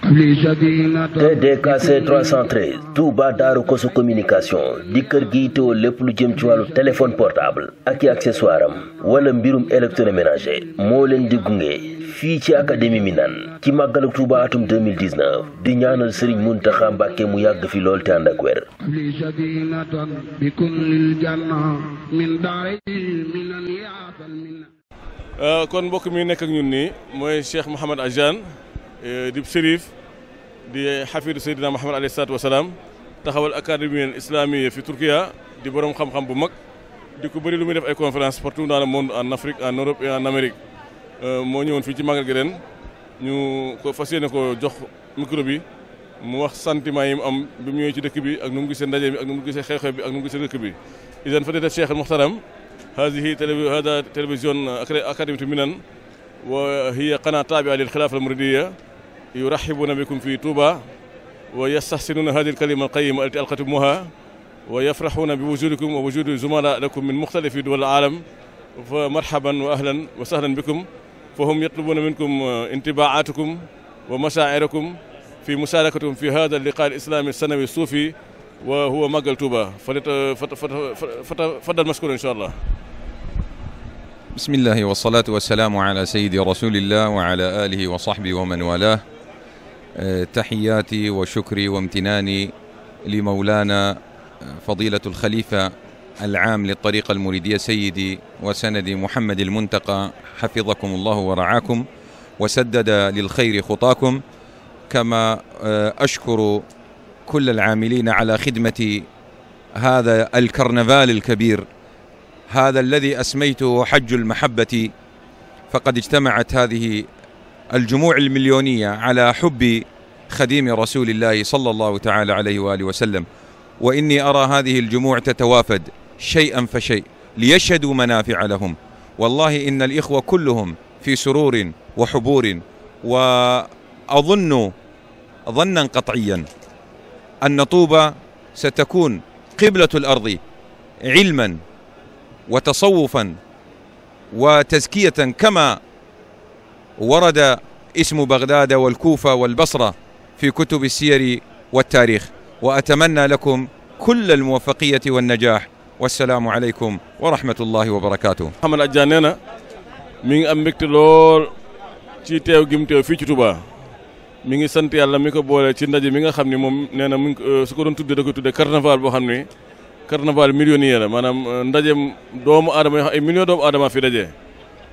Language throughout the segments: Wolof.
TDKC 313 Touba Daaru Koso communication di kër gi teewoo lépp lu jëm ci wàllu téléphone portable ak i accessoire am wala mbirum électroménager moo leen di gunge fii ci académie Minane ci màggalu Touba atum 2019 di ñaanal Serigne Mountakha Mbacké mu yàgg fi lool te ànd euh, kon mbokk mi nekk ak ñun nii mooy Cheikh Mouhamad Ajaan Eh, di shérif di xafidu Seydina Muhammad alayhi salaatu wasalaam taxawal académie islamique fi Turquia di borom xam-xam bu mag di ko bëri lu muy def ay conférence partout dans le monde en Afrique en Europe en Amérique eh, moo ñëwoon fii ci magal gi ren ñu ko fas ko jox micro mu wax sentiment yi mu am bi mu ñëwee ci dëkk bi ak nu mu gisee ndaje bi ak nu mu gisee xew-xew bi ak nu mu gisee dëkk bi idan fa dee def Cheikh Muxtaram هذه هذا تلفزيون yurahibuna bikum fii Touba wa yastahsinuna hadi alkalima alqayima allati alqatumuha wa yafrahuna bi wujudikum wa wujudi zumala lakum min muxtalifi duwal alam fa marhaban wa ahlan wa sahlan bikum fa hum yatlubuna minkum uh, intibaatukum wa masairakum fi musarakatikum fi hada alliqa alislami alsanawi suufi wa huwa màggal Touba fatafaddal uh, mashkur insha allah bismillahi wasalaatu wasalaamu ala sayidi rasulillah wa ala alihi wa sahbihi wa man walah تحياتي وشكري وامتناني لمولانا فضيلة الخليفة العام للطريقة المريدية سيدي وسندي محمد المنتقى حفظكم الله ورعاكم وسدد للخير خطاكم كما أشكر كل العاملين على خدمة هذا الكرنفال الكبير هذا الذي أسميته حج المحبة فقد اجتمعت هذه الجموع المليونية على حب خديم رسول الله صلى الله تعالى عليه وآله وسلم وإني أرى هذه الجموع تتوافد شيئا فشيء ليشهدوا منافع لهم والله إن الإخوة كلهم في سرور وحبور وأظن ظنا قطعيا أن طوبى ستكون قبلة الأرض علما وتصوفا وتزكية كما ورد اسم بغداد والكوفة والبصرة في كتب السير والتاريخ وأتمنى لكم كل الموفقية والنجاح والسلام عليكم ورحمة الله وبركاته محمد أجانينا من أمك لول ci teew gim teew fii ci Touba mi ngi sant yàlla mi ko boole ci ndaje mi nga xam ne moom nee na mu euh, su ko doon tuddee da koy tuddee carnaval boo xam ne carnaval millionnaire la maanaam euh, ndajem doomu aadama yoo xam ay million doomu aadama fi daje.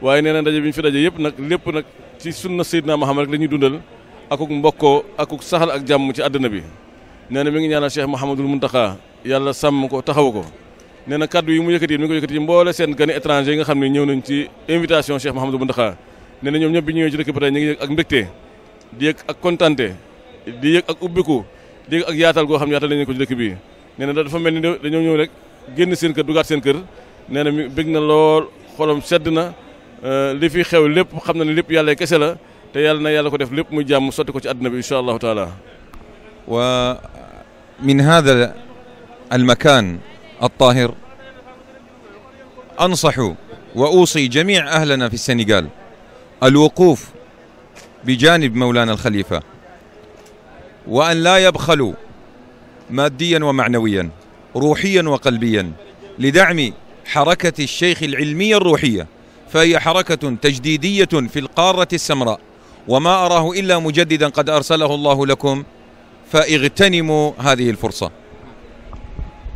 waaye nee na ndaje bi ñu fi daje yëpp nag lépp nag ci sunna Seydina Muhammad rek la ñuy dundal akuk mbokkoo akuk saxal ak jàmm ci àddina bi nee na mi ngi ñaanal Cheikh Mouhamadul Mountakha yàlla sàmm ko taxaw ko nee na kaddu yi mu yi mi ngi ko yëkkati mboole seen gani étranger yi nga xam ne ñëw nañ ci invitation Cheikh Mouhamadul Mountakha nee na ñoom ñëpp bi ñëwee ci dëkk ñu ngi yëg ak mbégte di yëg ak kontante di yëg ak ubbiku di yëg ak yaatal goo xam ne yaatal nañu ko bi nee na dafa mel ni dañoo ñëw rek génn seen kër dugaat seen kër nee na mi bég na lool xolam sedd na Euh, li fi xew lépp xam na ne lépp yàlla kese la te yàlla na yàlla ko def lépp muy jàmm sotti ko ci àdduna bi incha allahu taala wa min hada almakan altahir ansaxu wa uusi jamic ahlana fi senegal alwuquuf bijanib mawlana alxalifa wa an laa yabxalu maadiyan wa macnawiyan ruuxiyan wa qalbiyan lidacmi xarakati alcheikh alcilmiya alruuxiya فهي حركة تجديدية في القارة السمراء وما أراه إلا مجددا قد أرسله الله لكم فاغتنموا هذه الفرصة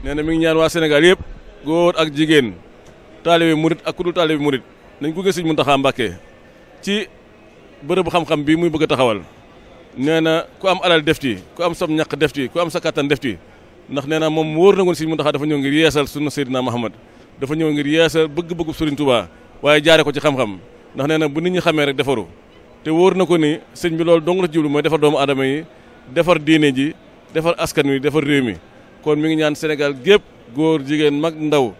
nee na mi ngi ñaan waa Sénégal yëpp góor ak jigéen taalibe murit ak ku dul taalibe murit nañ gunge Sëriñ Muntaxa Mbàkke ci bërëbu xam-xam bi muy bëgg a taxawal nee na ku am alal def ci ku am sam ñaq def ci ku am sa kattan def ci ndax nee na moom wóor na woon Sëriñ Muntaxa dafa ñëw ngir yeesal sunu Seydina Muhammad dafa ñëw ngir yeesal bëgg-bëggu Sëriñ Tuubaa waaye jaare ko ci xam-xam ndax nee na bu nit ñi xamee rek defaru te wóor na ko ni sëñ bi loolu dong la ci jublu mooy defar doomu aadama yi defar diine ji defar askan wi defar réew mi kon mi ngi ñaan Sénégal gépp góor jigéen mag ndaw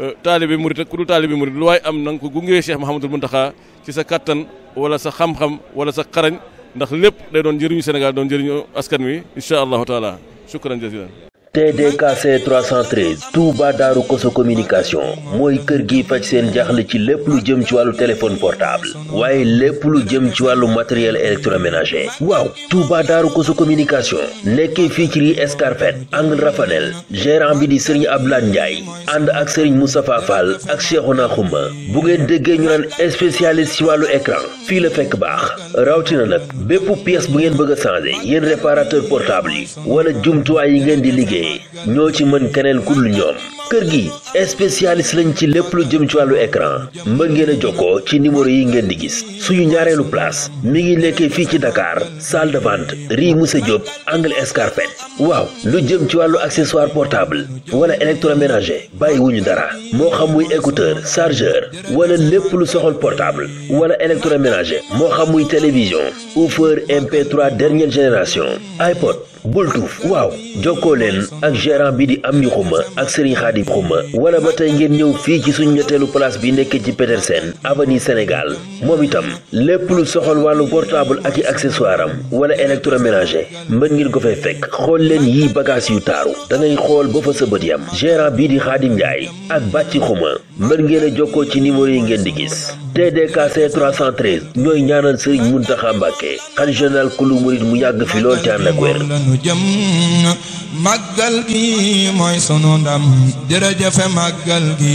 euh, taalibe murit ak ku dul taalibe murit lu waay am na nga ko gunge Cheikh Mouhamadul Mountakha ci sa kàttan wala sa xam-xam wala sa xarañ ndax lépp day doon njëriñu Sénégal doon njëriñu askan wi incha allahu taala shukran jazilan TDKC 313 Touba Daaru Koso communication mooy kër gi faj seen jaaxle ci lépp lu jëm ci wàllu téléphone portable waaye lépp lu jëm ci wàllu matériel électroménager waaw Touba Daaru su communication nekkee fii ci rue Escarpette angle Rafanel gérant bi di Serigne Abdoulaye Ndiaye ànd ak Serigne Moustapha Fall ak Cheikhouna Khouma bu ngeen déggee ñu naan spécialiste ci wàllu écran fii la fekk baax rawatina nag bépp pièce bu ngeen bëgg a changer yéen réparateur portable yi wala jumtuwaay yi ngeen di liggéey ñoo ci mën keneen ku dul ñoom kër gi spécialiste lañ ci lépp lu jëm ci wàllu écran mën ngeen a jokkoo ci numéro yi ngeen di gis suñu ñaareelu place mi ngi nekkee fii ci dakaar salle de vente rue Moussa Diop angle Escarpette waaw lu jëm ci wàllu accessoire portable wala électroménager bàyyiwuñu dara moo xamuy muy écouteur chargeur wala lépp lu soxal portable wala électroménager moo xamuy muy télévision haut-parleur MP3 dernière génération iPod Boltuf waaw jokkoo leen ak geran bi di am yu xuma ak Serigne Khadim xuma wala ba tey ngeen ñëw fii ci suñu ñetteelu place bi nekk ci Petersen avenue Sénégal moom itam lépp lu soxal wàllu portable ak i accessoire am wala électroménager mën ngeen ko fay fekk xool leen yi bagage yu taaru da ngay xool ba fa sa bët yam gérant bii di Khadim Ndiaye ak bàcci xuma mën ngeen jokkoo ci numéro yi ngeen di gis TDKC 313 ñooy ñaanal Serigne Mountakha Mbacké xalifa général kulu murid mu yàgg fi lool te ànd ak wér màggal gi mooy sunu ndam jërëjëfe màggal gi